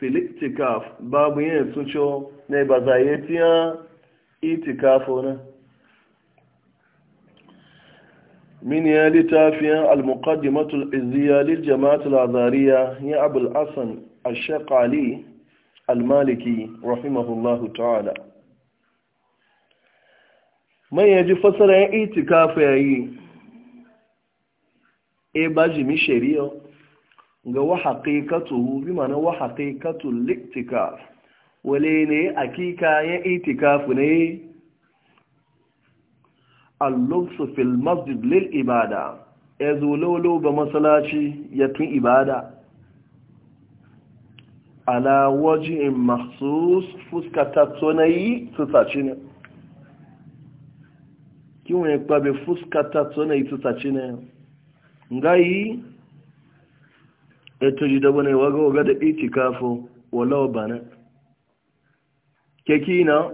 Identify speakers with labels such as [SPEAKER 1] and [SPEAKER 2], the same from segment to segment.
[SPEAKER 1] filiktikaf babu yin tuco ne ba za yi tiya itikafo na min ya littafiyan al-muqaddimatul izziya lil jama'atul azariya ya abul hasan ash-shaqali al-maliki rahimahullahu ta'ala man yaji fasara ya itikafo yayi e ba jimi shari'a ga wa haqiqatuhu bi ma'ana wa haqiqatul iktikaf wale ne akika ya itikafu ne al-lubsu fil masjid lil ibada ezulolo ba masalaci ya tun ibada ala wajihin mahsus fuskata tsonayi tutaci ne kiwon ya kwabe fuskata tsonayi tutaci ne ngayi eto ji dabo ne waga waga da iti kafo wala bana keki na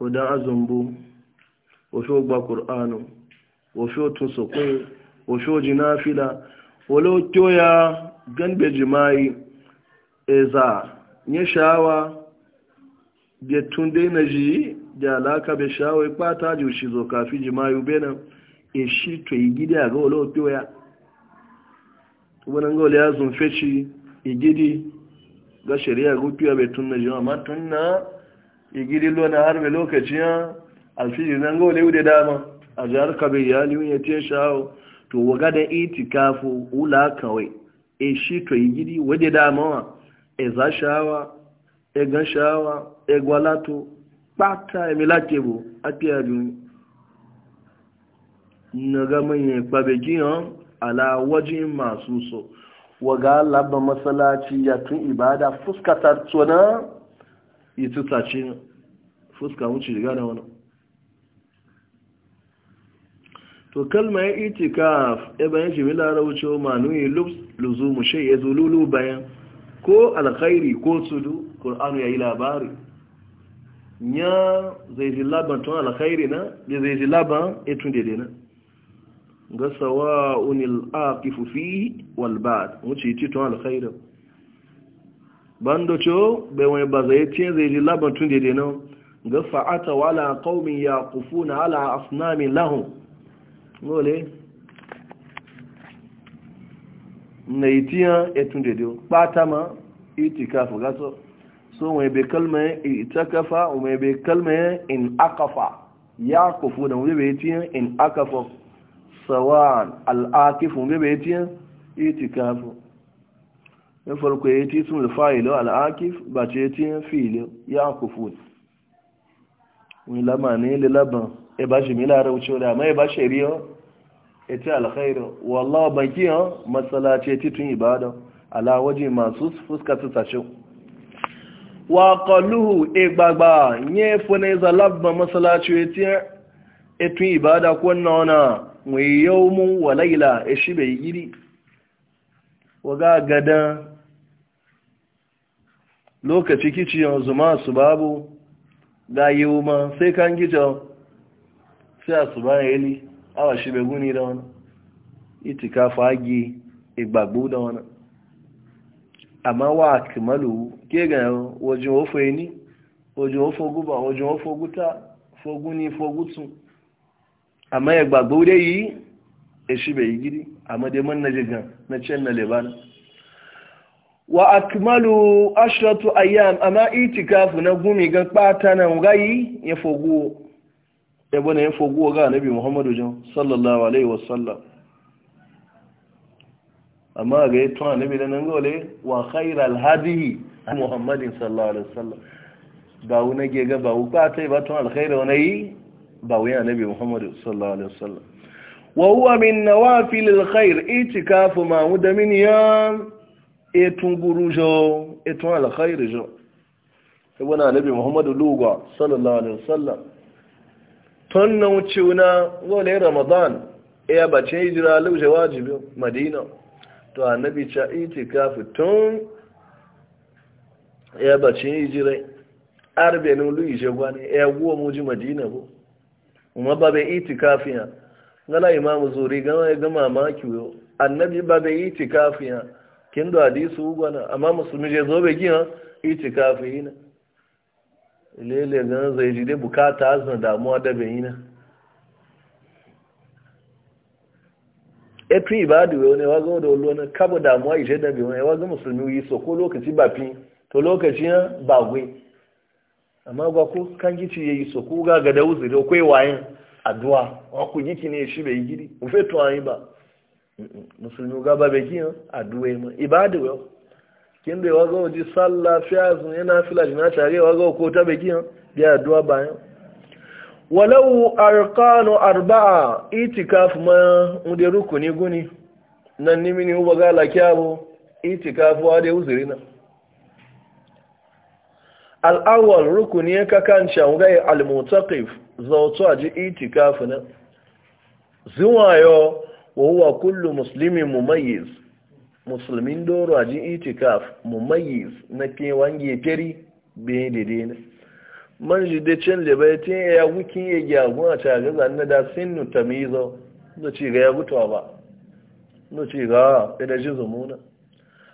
[SPEAKER 1] odan azumbu ofo gba qur'anu ofo tun sokwe na jinafila wala toya ganbe jimai eza nye shawa tun dai na ji da alaka be shawa ipata ji ushizo kafi jimai ubena shi to igide aga wala ya kuma nan gole ya zunfe ci igidi ga shari'a gufiya bai tunna jima amma tunna igidi lona har mai lokaci ya alfiji nan gole wuda dama a jihar kabe ya liyun ya ce shawo to waga da iti kafu ula kawai e shi to igidi wuda dama wa e za sha'awa e gan shawa e gwalato pata emi lati bo apiya dun na ga manyan kpabe giyan ala waje masu so ga labba matsalaci ya tun ibada fuska ta tsona ita tace fuska wuce riga da wani to kalma ya itikaf e bayan shi mila rauce yi nuyi luzumu shi ya zululu bayan ko alkhairi ko sudu ya yi labari ya zai ji laban alkhairi na zai ji laban etun dede na ga sawa'un al-aqifu fi wal ba'd wuce ti to al-khair bando cho be wani bazai ce zai ji laban tun de no ga fa'ata wala qaumin yaqufuna ala asnami lahum ngole naitiya etun dede patama itikafu ga so won be kalma itakafa me be kalma in aqafa yaqufuna o be tiyan in aqafa sawan al'akifu bai bai tiyan itikafu na farko ya ti sun alfa'ilo al'akif ba ce tiyan filo ya kufu wani lama ne lilaban ya ba shi mila rauce da amma ya ba shi riyo ya ce alkhairu wallawa baki yan matsalace titun ibada ala waje masu fuska su tashe wa kalluhu igbagba e nye fune zalabba matsalace tiyan etun ibada ko nauna mai yawmun wa laila ya shi bai giri waga gada lokaci kici yanzu masu babu ga yawma sai kan gita sai a su bayan yali awa shi bai guni da wani itika fagi igbagbo da wani amma wa kimalu ke ga wajen ofo ni wajen ofo guba wajen ofo guta foguni fogutun amma ya gbagbo dai yi ya shi bai yi gidi amma dai man na jigan na can na lebanon wa akmalu ashratu ayyam amma itikafu na gumi ga kpata nan gayi ya fogo ya bane ya fogo ga nabi muhammadu jan sallallahu alaihi sallam amma ga yato anabi da nan gole wa khairal hadihi muhammadin sallallahu alaihi sallam ba wuna ge ga ba ta yi ba to alkhairi wani yi باوية نبي محمد صلى الله عليه وسلم وهو من نوافل الخير اتكاف ما هدى من يام اتنقرو جو اتنقرو الخير جو ابونا نبي محمد لوغا صلى الله عليه وسلم تنو تشونا ولي رمضان ايه باچه اجرا لو جواجب مدينة تو النبي چا اتكاف تن ايه باچه اجرا اربع نولو اجواني ايه وو موجي مدينة بو kuma ba bai iti ya ngala imamu zuri gama ya gama maki yo annabi ba bai iti ya kin da hadisu gwana amma musulmi je zo bai gina itikafi ina lele gan zai ji dai bukata azan damuwa da bai ina etu ibadu we ne wazo da wallo na kabo damuwa ishe da bai wani wazo musulmi yi so ko lokaci ba fi to lokaci ba gwe amma ga ku kan gici yayi so ku ga ga da uzuri ko wayin addu'a wa ku gici ne shi bai gidi mu fe to an ba musulmi ga ba bai kiyo addu'a ma ibadu yo kin da wa ga ji sallah fiyazu yana fila jina tare wa ga ko ta bai kiyo da addu'a bayan walau arkanu arba'a itikaf ma unde rukuni guni nan mini ubaga la kyabo itikafu wa da uzuri na al'awar rukuni ya kakan shangai al-mutakif zautu a ji itikafi zuwa yau wa huwa kullu mu mumayyiz musulmin doro a ji itikaf mumayyiz na ke wange kiri bayan dede ne man ji da can libaitin ya wukin ya gyagun a cagar zanen da sinu zo da ci ga ya gutuwa ba da ci ga ya da ji zumuna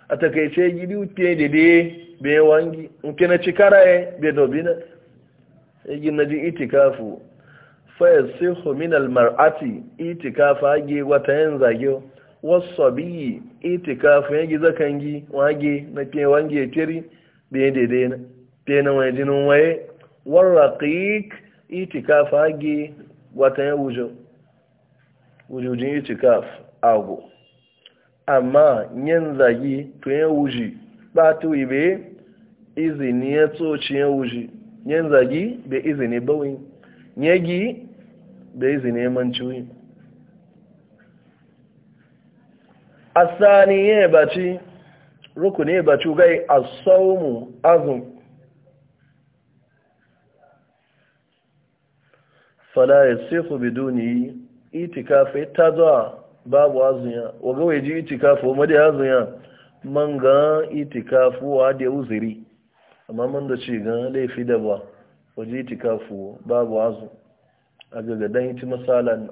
[SPEAKER 1] a takaice gidi wuce dede be wangi nke na cikara ya be dobina yagi e na ji itikafu fayar sihu min mar'ati itikafa hage wata yin zage wasu biyi itikafu yagi zakangi wage na ke wange tiri be daidai na be na wani jinin waye warraƙiƙ itikafa hage wata yin wujo wujujin itikaf ago amma yin zage to wuji ba to ibe izini ya tsoci ya wuji nye zagi da izini bawin gi da izini ya manci asani ya baci rukuni ya baci gai asaumu azum fala ya sefu biduni itikafe ta zuwa babu azunya waga itikafe itikafi wadda azunya man ga itikafe wa da uziri amma man da ce gan laifi da ba waje itikafu babu azu a dan iti misalan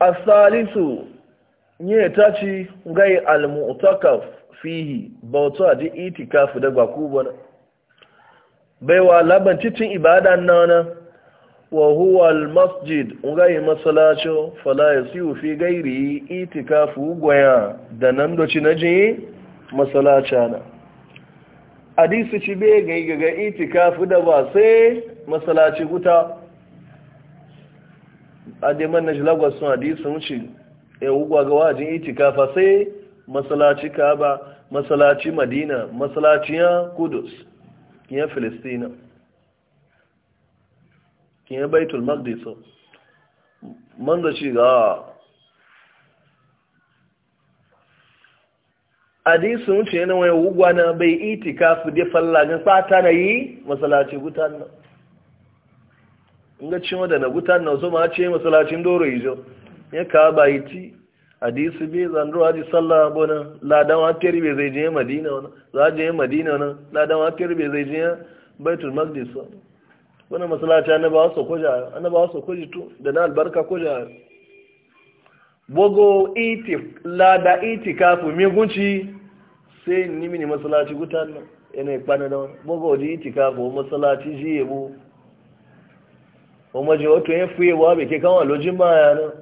[SPEAKER 1] asalisu ne ta ci gai almu'takaf fihi a ji itikafu da bai baiwa laban titin ibada nana wa huwa almasjid ngai masalacho fala yasiu fi gairi itikafu goya da nan doci naje na. hadisi ci be ga yi ga itikafi da ba sai masalaci guta ademan na jilagwas sun hadisi sun ci ya hukwa ga iti itikafa sai masalaci kaba masalaci madina masalaciyar kudus kiyan filistina kiyan baitul magdisa man da ci ga hadisu wuce yana wani na bai iti kafu dai fallagin fata na yi masalaci gutan nan inga da na gutan nan so ma ce masalacin doro ijo ya ka ba iti hadisi bai zandro haji sallah bona ladan wakir bai zai je madina wani za je madina wani ladan wakir bai zai je baitul maqdis wani masalaci annabawa so koja annabawa so koji to da na albarka koja bogo iti lada itikafu migunci sai ni mini masalaci gutan nan yana ikpana da wani bogo di itikafu masalaci ji yebo o maje otu yin fiye wa bai ke kanwa lojin maya na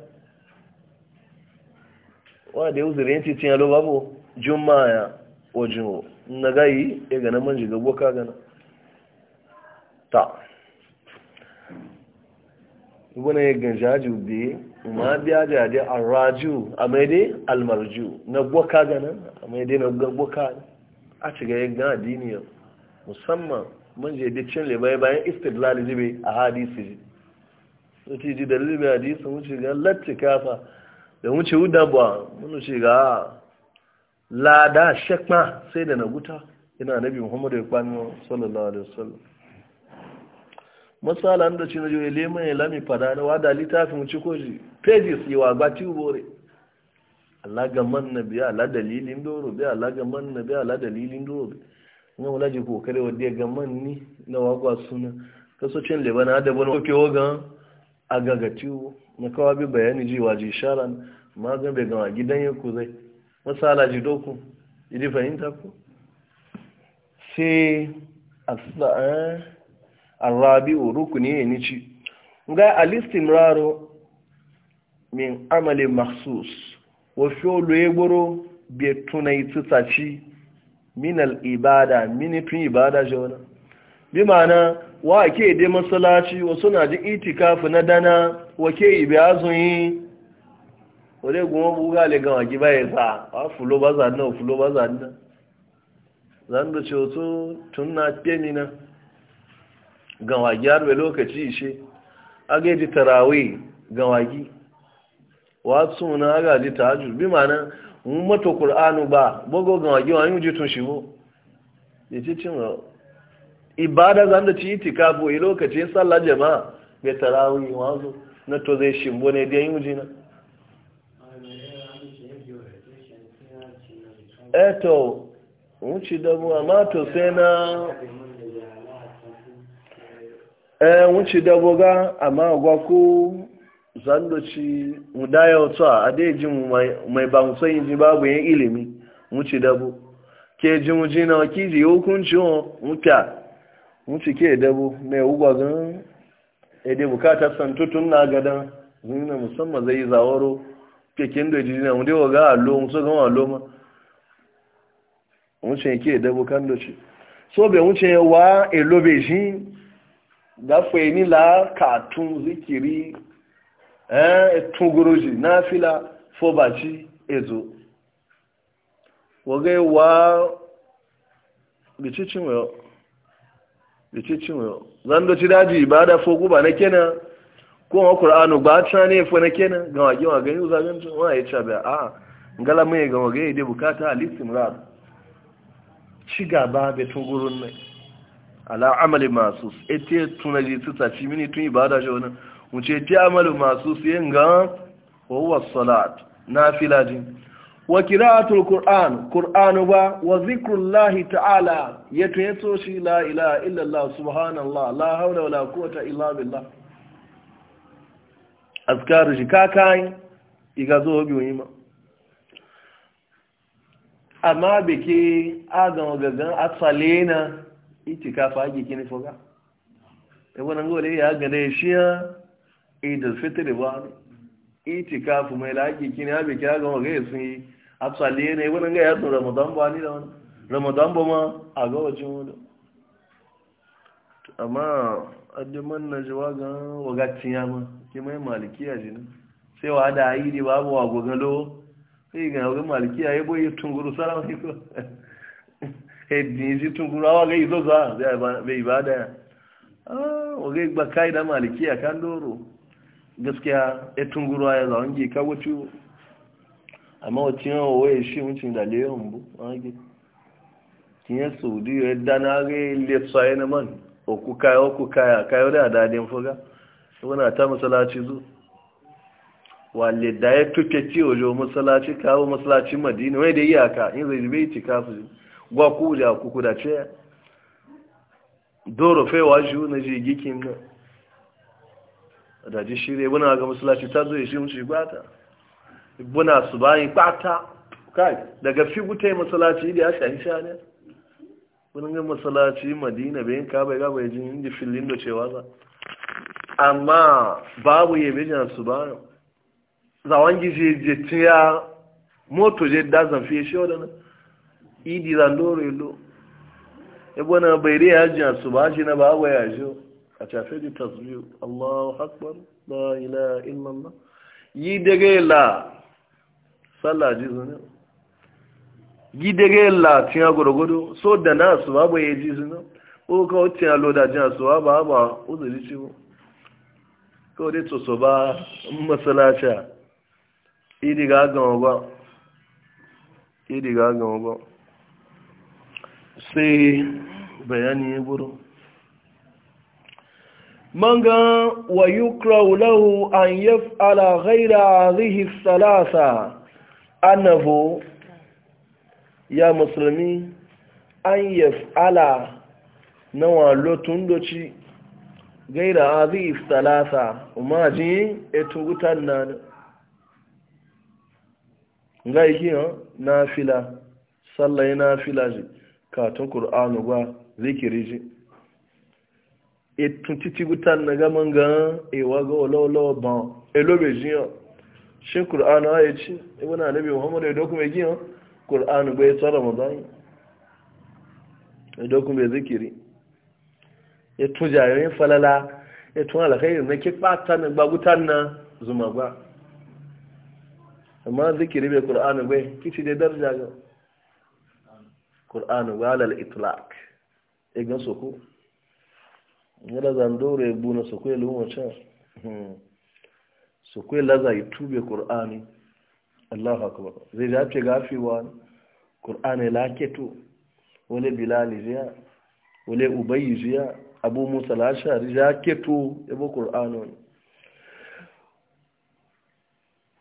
[SPEAKER 1] wa da yau zirin titin yalo babu jun maya wajen o na gayi ya gana manji gabo ka gana ta ibu na ya ganja jubi ma biya da dai arraju a mai dai almarju na gwaka ganin a mai dai na gwaka a shiga yin gan addini musamman mun je da cin libai bayan istidlal jibe a hadisi ji ji da libai hadisi mun shiga latti kafa da mun ci wuda ba mun shiga lada shekma sai da na guta ina nabi muhammadu ya kwano sallallahu alaihi wasallam matsala da ci na joye leman ya lami fada na wada littafin ci ko ji pages yi wa ba tiwo bore Allah ga na biya Allah dalilin doro biya Allah ga na biya Allah dalilin doro na wula ji kokare wadda ya ga man ni na wagwa suna kaso cin leba na da bana ke woga a ga ga tiwo na kawa bi bayani ji ji sharan ma ga be ga gidan ya ku zai matsala ji doku idi fahimta ku sai asla eh arrabi'u ni ya ngayi ga alistimraru min amalin maksus wasu olugboro bai tunai tutaci minal ibada minifin ibada jona bi mana wa ke de masalaci wa suna ji itikafi na dana wa ke ibi azunyi wadai goma buga le gawa giba ya sa a fulo ba zanna fulo ba na zan da ce wasu tun na temina gawagi har lokaci ishe aga ji tarawe gawagi wasu na aga ji ta tahajjud bi ma'ana mun mato qur'anu ba bogo gawagi wani yin jitun shi Ya ci cin ibada zan da ci kafu yi lokaci tsalla jama'a be tarawe wazo na to zai shimbo ne dai yi na eto eh wuce ci mato to sai na ee eh, nwuchi daboga ama agwakwu zandoci mudaya otu a adaji mai ba musan yi ji babu yin ilimi nwuchi dabo ke ji muji e na wakiji hukunci mpia nwuchi ke dabo mai ugwagan ede bukatar santutun na gadan zuni na musamman zai zawaro kekin da jijina wunde waga alo musu gama alo ma nwuchi ke dabo kan doci so bai nwuchi wa elobe shi gafe eni la katun zikiri eh etungoroji na fila fobachi ezo woge wa bicicin wayo bicicin wayo zan daji ibada fo guba na kenan ko qur'anu ba ta ne fo na kenan ga wage wa gani za gan wa ya cha ba a ah, ngala mai ga wage ide bukata al-istimrar ci gaba tun tungurun ne ala amali masu ete ji tuta ci mini tun ibada shi wani wuce ti amali masu su yin ga wawa salat na filajin wa kira'atul qur'an qur'anu ba wa lahi ta'ala tuye yato shi la illallah subhanallah la haula wa quwwata illa billah azkaru shi kakai iga zo biyu ma. amma beke agan gagan asalena itikafa ake kini foga ebona ngole ya gane ya idan fitri ba itikafu mai la ake kini abi kira ga ga sun yi absaliye ne ebona ga ya sun ramadan ba ni da wani ramadan ba ma a ga wajin wani amma addiman na jiwa ga wagatin ya ma ke mai malikiya ji ne sai wa da ayi ne babu wa gogalo sai ga ga malikiya ya boye tunguru salamu alaikum edinzi tungurawa ga izo za bai ibada ya oge gba ka'ida malikiya kan doro gaskiya ya tungurawa ya zaun gi ka wuce amma wacce yawan waye shi mutum da leon bu wage kinye saudi ya dana ga lepsa ya na man oku kaya oku kaya kayo da dadin fuga suna ta masalaci zo wale da ya tuke ci ojo masalaci kawo masalacin madina wai da iyaka in zai bai gwa da kuku da ce doro fewa shi na ji gikin na da ji shirye buna ga musulaci ta zo ya shi mushi gwata buna su bayan gbata kai daga fi gutai musulaci da ya shahi sha ne wani ga musulaci madina bayan ka bai gaba ya jin inda filin da cewa za amma babu yabe jan su ba zawon gizi je tiya moto je dazan fiye shi wadannan idi za loro ilo ebe na bayri ya ji su ba shi na ba wa ya ji a tafe di tasbihu Allahu akbar la ilaha illallah yi daga la sallah ji zuna yi daga la tiya gurgudu so da na su ba ba ya ji zuna ko ka wuce a loda ji su ba ba ba uzuri ci ko ko dai to so ba masalacha idi ga gama ba idi ga gama ba sai bayani ya buru manga wa yukra lahu an yaf'ala ghayra hadhihi thalatha annahu ya musulmi an yaf'ala nawa lotun doci ghayra hadhihi thalatha umaji na nan ngai kiyo nafila sallai nafila ji katon ƙur'anu ba zikiri ji ètò títí gúta na gaman gan ewa ga ọlọ́ọ̀lọ́ọ̀ e ban elobe jiyan ṣe ƙur'anu a ci e ibi na nabi muhammad edokun mai giyan ƙur'anu bai tsọ ramadan edokun bai zikiri ètò jayoyin falala ètò alkhairu na kipata na gbaguta na zuma ba amma zikiri bai ƙur'anu bai kici dai darja gan ƙur'anu walal itlak igan e soko yadda zandoro ya buna soko ya e lumo hmm. soko ya e laza ya tube ƙur'ani allahu akbar zai dace gafewa ƙur'ani laketo wale bilali ziya wale ubayi ziya abu musa lashari ya keto yabo ƙur'ani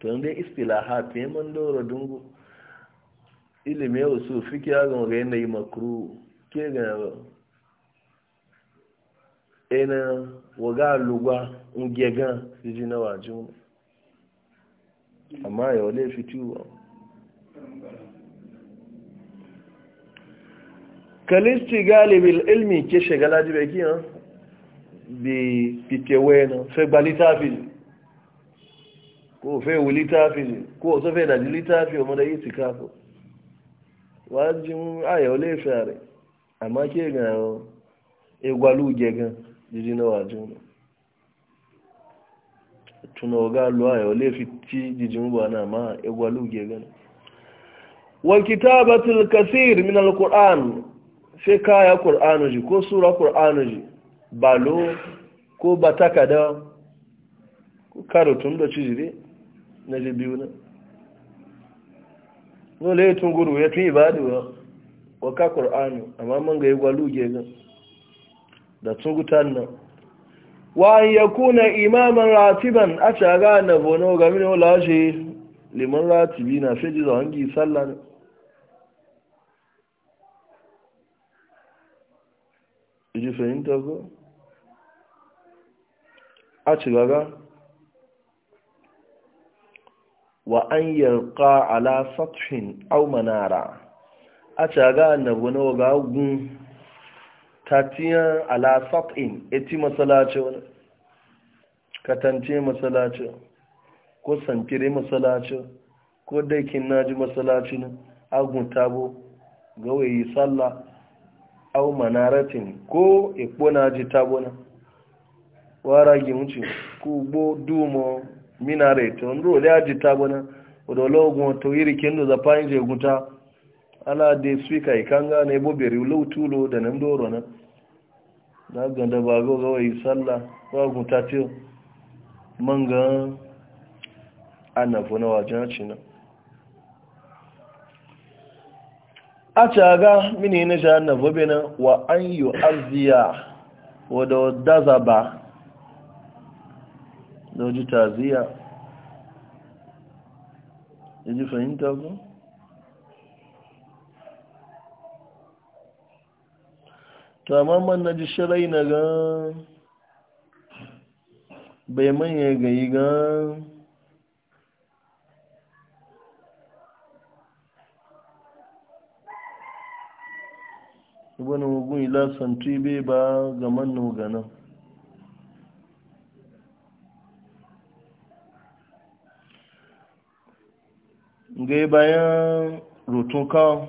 [SPEAKER 1] to inda istilahat ya man dora dungu ilimin yau su fi kira ga ga yanayi makru ke ga ena waga lugwa ngega ji na wajin amma yau ne fitiwa kalisti galibin ilmi ke shagala jibe kiyan bi fitewe na fagbalita fi ko fai wu littafi ne ko so fai daji littafi wa mada yi tikafu wajin ayau laifiya rai amma ke ga egwalu gegan jiji na wajin tuna ga luwa yau laifi ci jijin ba na ma egwalu gegan wal kitabatul kasir min alquran sai kaya qur'anu ji ko sura qur'anu ji balo ko batakada ko karotun da ci jire na ji biyu na nola ya tun guru ya tun ibadu wa ka ƙor'anu amma man ga yi gwalu gegan da tun gutan nan wa ya kuna imaman ratiban a caga na bono game da shi liman ratibi na fi ji zawangi sallan ne ji fahimta ko a cigaga wa an yarka ala fathin au manara a caga annabu na gun tatiyan ala fatin eti masalace wani katance masalace ko sankire masalace ko daikin naji masalace ne agun tabo gawayi salla au manaratin ko ikpo naji tabo na wara gi ku bo dumo to ndo le aji bona odo logo to iri kendo za panje guta ala de swika ikanga e ne boberi ulo tulo da nan doro na da ganda ba go ga wai salla ba guta tiyo manga ana fona wajen cina a caga mini ne jihar na bobe na wa an yi wa wadda daza ba. na waje taziya ya ji fahimta ku? tamaman na ji shirai na ga bai manya gayi ga wani mugun ila santu ba ga mannu ganan ga bayan rutun kan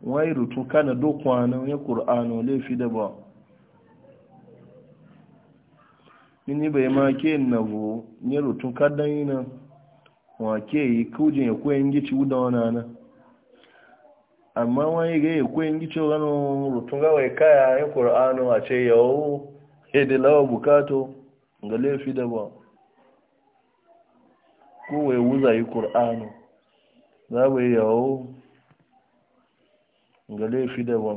[SPEAKER 1] wai rutun kana dokwanan ya ƙur'anu laifi da ba nini bai ma ke nago ne rutun kadan yi nan wa ke yi kujin ya kuwa yin gici wuda wana nan amma wani ga ya kuwa yi cewa ganin rutun gawa kaya ya ƙura'anu a ce yawo ya da lawa bukato ga laifi da ba kowa ya wuza yi ƙura'anu za ba yi yawo ga laifi da ba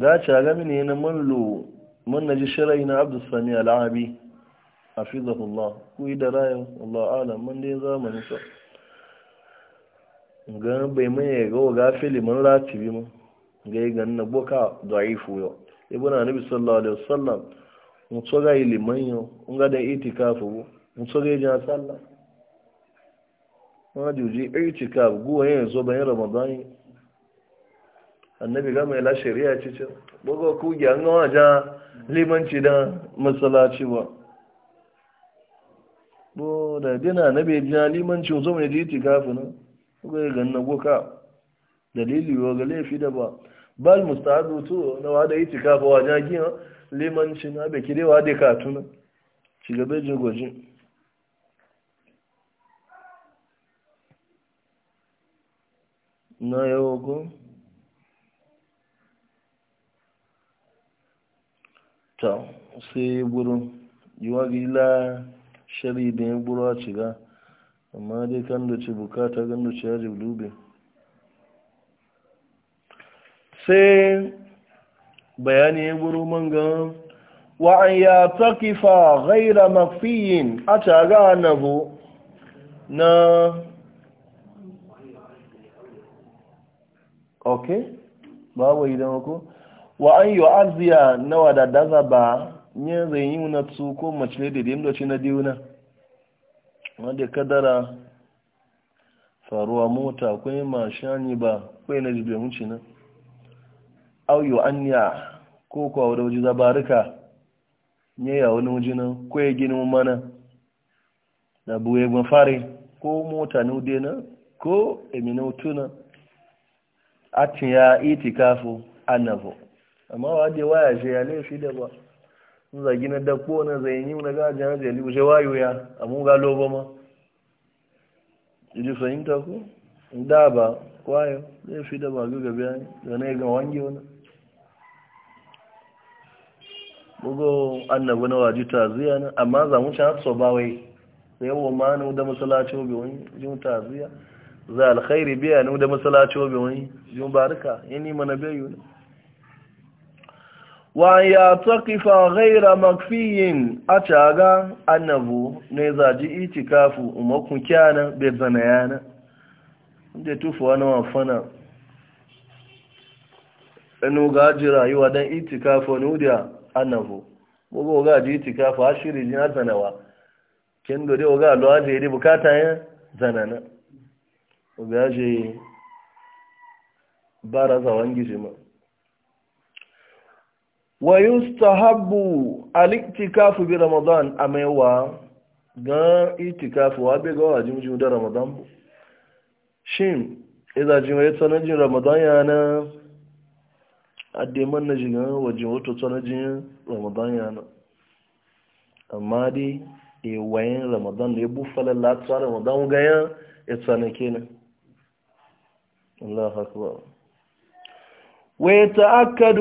[SPEAKER 1] ga ci agami ne na mallo man na ji shirai na abdus sani, al'abi a allah ku yi da rayu allah alam man dai zamanin sa ga bai maye ga waga filimin ratibi ma ga yi ganin na boka da'ifu yau e ibn anabi sallallahu alaihi wasallam mun so ga liman yau mun ga da itikafu bu mun so ga jina sallah mun juji itikaf guwa yin zo bayan ramadan annabi ga mai la shari'a ce ce bogo ku ga an ga ja limanci da masallaci ba bo da dina annabi jina limanci zo mai itikafu na. goyi ganna goka dalili wa ga laifi da ba bal mustahadu to na wada yi tikafa wa liman limanci na be kire katuna ci gaba ji na yau go ta sai gurin yiwa gila shari da ya gura a ga amma dai kan da ce bukata gan da ce ya dube sai bayani ya guru man gan wa'an ya takifa gaira mafiyin a taga annabu na ok babu idan ko wa'an yi wa'aziya na wadadaza ba yin zai yi na tsuko mace da dimdoci na diuna wanda kadara faruwa mota kwai mashani ba kwai na jibe muci nan auyo anya ko kwa wadda waje zabarika ne ya wani waje nan kwai gini mana da buwe mafari ko mota na ude na ko emina utuna atin ya itikafo annabo amma wa waya shi ya laifi da ba zagi na dako na zayenyi na gajin hajjali wuce wayo ya amma ga lobo ma ji fahimta ko da ba kwayo zai fi da ba guga biya da na iga wange wani bugu annabu na waji taziya na amma za mu ci hatsa ba wai sai yawon ma na da masalaci obi wani jin taziya za alkhairi biya na wuda masalaci obi wani jin barika ya nima na biyu ne wa ya taqifa ghaira makfiyin a caga annabu ne ji itikafu umakun kyana be zanayana inda tufu wani wafana inu gaji rayuwa dan itikafu ne da annabu gbogbo ji itikafu ashiri jina zanawa kin gode oga lo aje ri bukata ya zanana oga aje bara zawon gijima wa yustahabbu al-iktikafu bi ramadan amewa ga itikafu wa be ga wajin jin da ramadan bu shin idan jin wai tsanan jin ramadan yana adde man na jin wajin wato tsanan jin ramadan yana amma dai e wayin ramadan ne bu falan la tsara ramadan ga ya tsanake ne na. akbar ويتأكد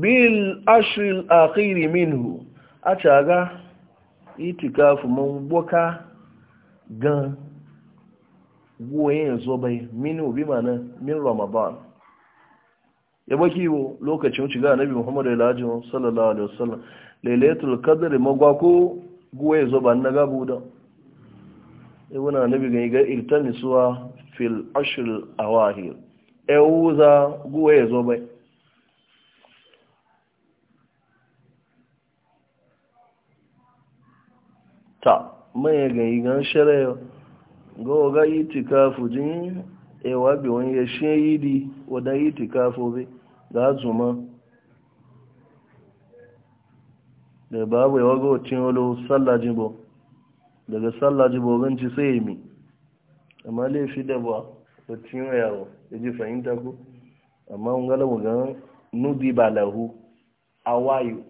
[SPEAKER 1] بالأشر الأخير منه أتاغا itikafu mamboka gan goyen yanzu bai minu bi mana min ramadan ya baki lokacin shiga annabi muhammadu alhaji sallallahu alaihi wasallam lailatul qadr magwa ko goyen yanzu ban na gabu fil ewuza guwe ya zo bai ta mai gani gan shirya ga waga yi tikafu jin ewa bi wani ya shi yi di wadda yi tikafu bai ga zuma da babu yawa ga wacin walo sallah jibo daga sallah jibo ganci sai mi amma laifi da ba wacin yawa ya ji fahimta ku amma mun mu gan nudi ba lahu awayu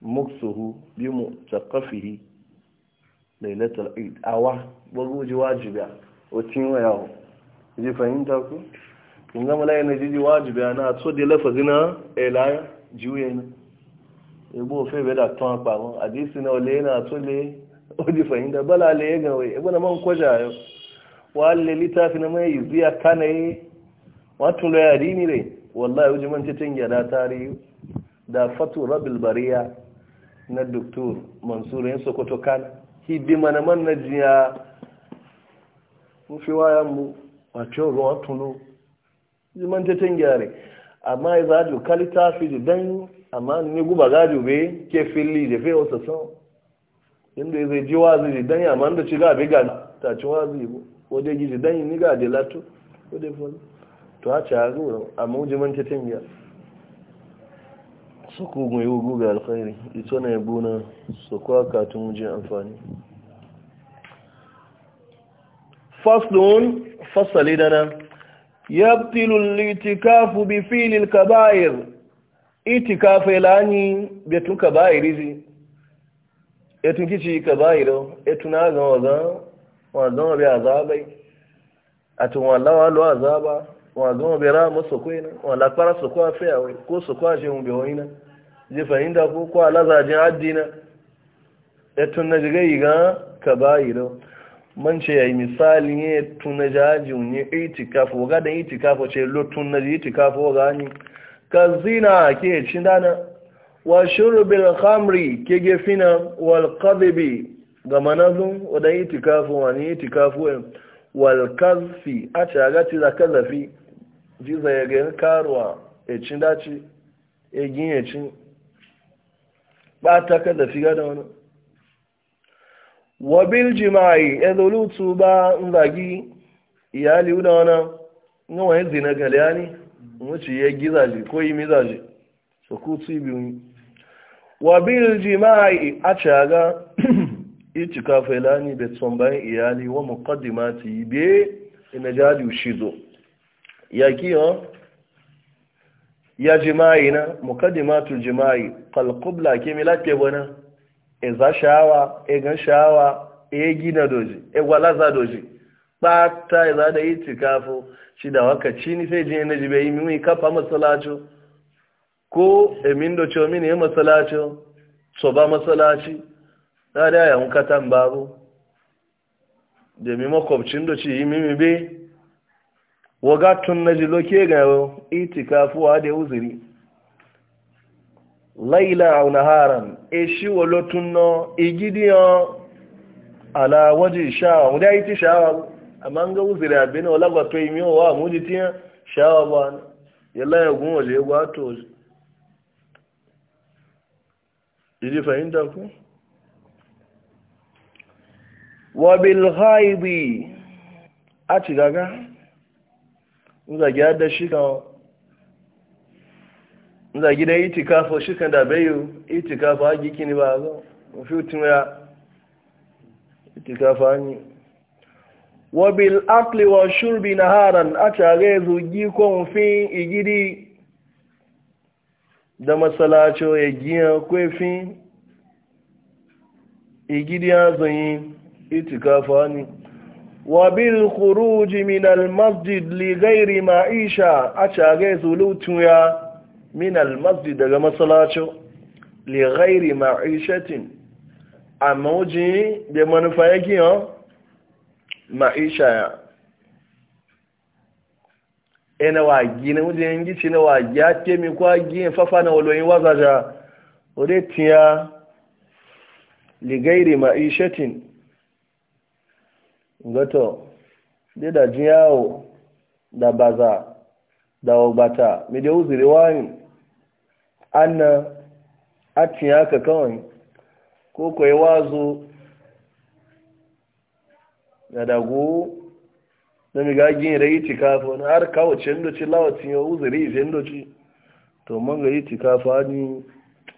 [SPEAKER 1] muksuhu bi mu taqafihi lailatul eid awa bugu ji wajiba o tin fahimta ku kun ga mala yana ji wajiba na so de lafazina elaya juye na ebo fe be da ton pa won hadisi na ole le o ji fahimta bala le ga we ebo na man kwaja yo wale littafi na mai ziya kana yi wato da ya ni dai wallahi wuji man titin gyada tarihi da fatu rabil bariya na doktor mansur yin sokoto kan hidima na man na jiya mufi ya mu wato wa tulo wuji man titin gyare amma ya zaju kalita fi da dan amma ni guba gaju be ke fili da fe wasa sau inda zai ji wazi dan ya man da ci bi ga ta ci wazi bu wadda gizi dan yi niga da lato wadda falo to a caru wurin amma wuji manta tingiya su ku mai wugu ga alkhairi ito na yabo na su kuwa katin wuji amfani faslun fasali dana yabtilul litikafu bi filil kaba'ir itikafa ilani betun kaba'irizi etun kici kaba'iro etun azan wazan wọn zama bai azabai ati tun wọn lawa lo azaba wọn zama bai ra musu kwai na wọn lakwara su kwa fiya wai ko su kwa shi mu bai wai na je fahimta ko kwa lazajin addina ya tun na jiga yi ga ka bayi da man ce ya yi misali ya tun na jajin ya itikafu waga da itikafu ce lo tun na ji itikafu waga ni ka zina ke cin dana wa shurbil khamri ke gefina wal qadbi ga manazun wadda yi tikafu wani yi tikafu yin walkazfi a caga ci za kazafi ji zayagayin karuwa e cin daci e gin e cin ba ta kazafi gada wani wabil jima'i ya tu ba n zagi iyali da wani e na wani e zina gali ani wuce ya gizaji ko yi mizaji su kutu biyu wabil jima'i a ga itika felani da tsombayin iyali wa muqaddimati be ina jali shizo ya kiyo ya jima'i na muqaddimatu jima'i qal qibla ke bona e za shawa e gan shawa e gina doji e za doji ta e za da fo shi da waka cini sai jin jibe yi mi kafa masallaci ko e min do chomi ne masallaci so ba masallaci na da ya mukata mbaro da mi makwabcin da yi mimi be wagatun na jiloke ga itikafuwa da uzuri laila au naharan eshi walotun na igidiyan ala waje shawa mu da iti shawa amma ga uzuri abin wala ba to yi wa mu ji tiyan shawa ba yalla ya gun waje gwato ji fahimta ku wa bil a ci gaga zagi da shi kan zagi da itikafa shi kan da bayu itikafa giki ne ba zo mafiutun ya itikafa ne wa bil akli wa shurbi haran a tare zugi ko fin igidi da masalacin ya giyan kwefin igidi ya zoyin itikafani ne wa bil khuruji min al masjid li ghairi ma'isha a cage zulutun ya min al masjid daga masallacin li ghairi ma'ishatin amma waje da manufa yake yan ma'isha ya ena wa gina waje yan gici na wa ya mi kwa gina fafa na waloyin wazaja wadda tiya li ma ma'ishatin gato dai da jiyawo da baza da obata mai da uzuri wani an na acin haka kawai ko kwaye wazo da dago na migagin rai tikafa na har kawo ci cendoci lawacin ya uzuri ci to man ga yi tikafa ni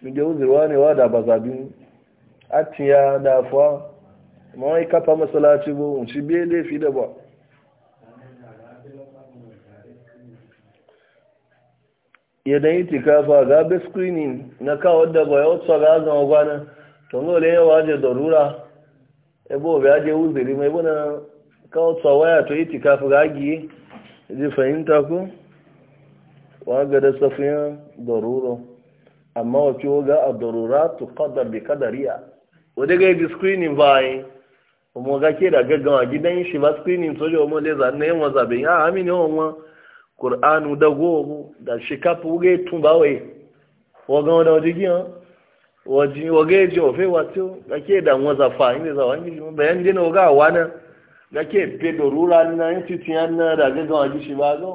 [SPEAKER 1] mai da uzuri wani wa da baza biyu acin ya dafuwa ma wai kafa masalaci ba mu ci biye laifi da ba yadda yi tikafa ga be screening na kawo da ba yau e ga zama gwanan to ngole yawa je darura ebe obi aje ma. mai bana kawo waya to yi tikafa ga giye ji fahimta ku wa ga da safiya darura amma wace ga a darura to kadar bi kadariya wadda ga yi screening bayan ọmọ ọ̀gá kéde àgẹ́gàn àgídẹ́yìn ṣe bá screening tó yọ ọmọ lẹ́zà ní ẹ̀wọ̀n zàbẹ̀ yá àmì ni ọmọ kòránù dẹ́gbó ọmọ dàṣẹ kápò tún bá wẹ̀ wọ́gán ọ̀dà hàn wọ́jì wọ́gẹ́ jẹ́ ọ̀fẹ́ wa tí ó gàkẹ́ èdè àwọn zàfà nílẹ̀ zàwà níbi ìmọ̀ bẹ̀yẹ́ ní dẹ́nà ọ̀gá àwa náà gàkẹ́ èpè dòrúra nínú ayé ti tiẹ̀ náà dàgẹ́gàn àgí ṣe bá lọ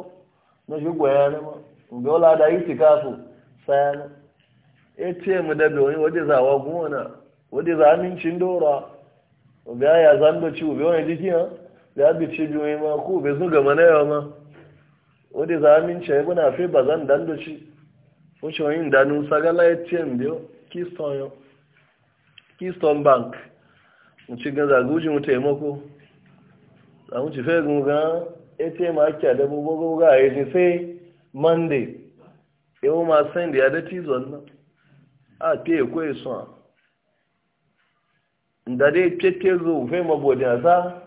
[SPEAKER 1] náà ṣe atm obi aya zando ci obi wani jiki ha ya bi ci biyu ma ko obi sun gama na yawa ma wadda za a min ce guna fi ba zan dando ci wuce wani danu sagala ya ce biyu keystone yau keystone bank ci gan zagujin mu taimako za mu ci fe gunga atm ake da bugu ga ya e ji sai monday yau e ma send ya da tizon nan a te ko ya ndade dai cece zo fai mabodin sa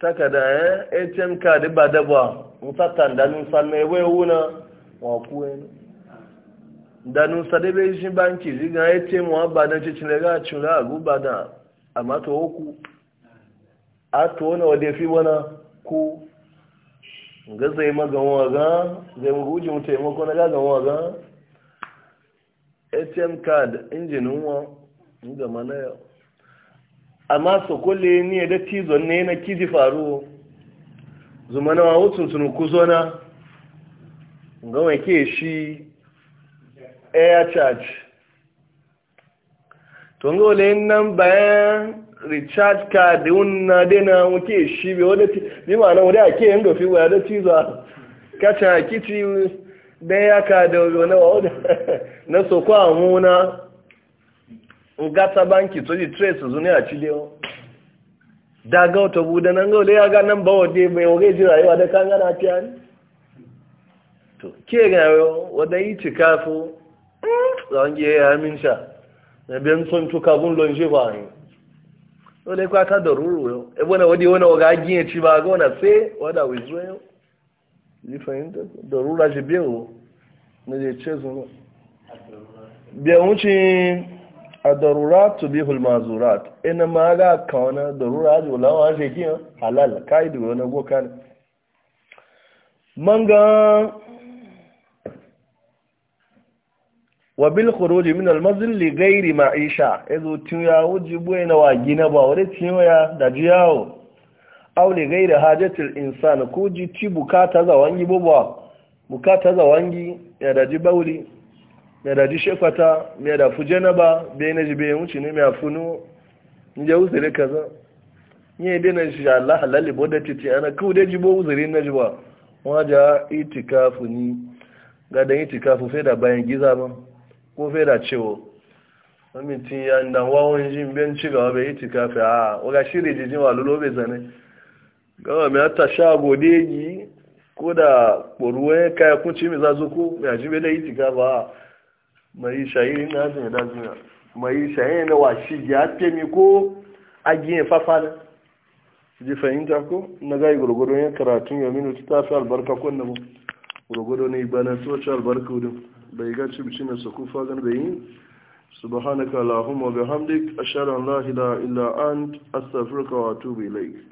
[SPEAKER 1] takada ya eh, atm card ba daba musatan da nusa na ewe wuna wa kuwen da nusa da bai shi banki zigan atm wa ba na cikin daga cura a guba da a oku a to wani wade fi wana ku ga zai magan waga zai mugujin taimako na gagan waga atm card injinin wa ga mana yau amma su ni da cizon ne na kiji faru zumana wa wutsun sun kuzo na ga mai ke shi air charge to ga wale nan bayan richard card wunna dena wuke shi bi na bi ma'ana wadda ake yin dofi wadda cizo kacha kici da ya ka da wani wadda na sokwa muna ngata banki to di trace ne a chile o daga to buda nan gole ya ga nan bawo de mai oge jira rayuwa da kan gana ta ni to ke ga yo wada yi tikafu hmm, zan ge ya sha na ben son to ka gun lonje ba ni le kwa ta da ruru yo e bona wadi wona oga gine ci ba gona sai wada wizwe yo ni fahimta da la je o ne je ce zuwa un chi a darura to mazurat ina ma ga ka darura ji wulawa shi kiyan halal kai da wani boka ne manga wa bil khuruji min al mazl li ghairi ma'isha ezo tiya wujibu ina wa gina ba wale tiya da jiyawo aw li ghairi hajati al insan ko ji ti bukata za wangi bubwa bukata za wangi ya da ji bauli mai da dishe kwata mai da na ba bai na ji bai wuce ne mai funu ya uzuri kaza ne dai na shi Allah halali boda titi ana kawai dai jibo uzuri na ji ba waja itikafu ni ga da itikafu fai da bayan giza ba ko fai da cewo aminti ya ndan wawon jin ben ci gaba bai itikafu a waga shiri jijin wa lulo bai zane gawa mai ta sha gode ko da ɓoruwa ya kaya kunci mai zazo ko mai ajibe da itikafu. a mai shayi na jin da jina mai shayi na washi ya temi ko agiye fafa na ji fahimta ko na gai gurgudu ya karatun ya minu ta fi albarka ko na mu gurgudu ne ba na tsoci albarka wudin bai ga cibci na ku fagan bai yi subhanaka allahumma bihamdik ashhadu an la ilaha illa ant astaghfiruka wa atubu ilayk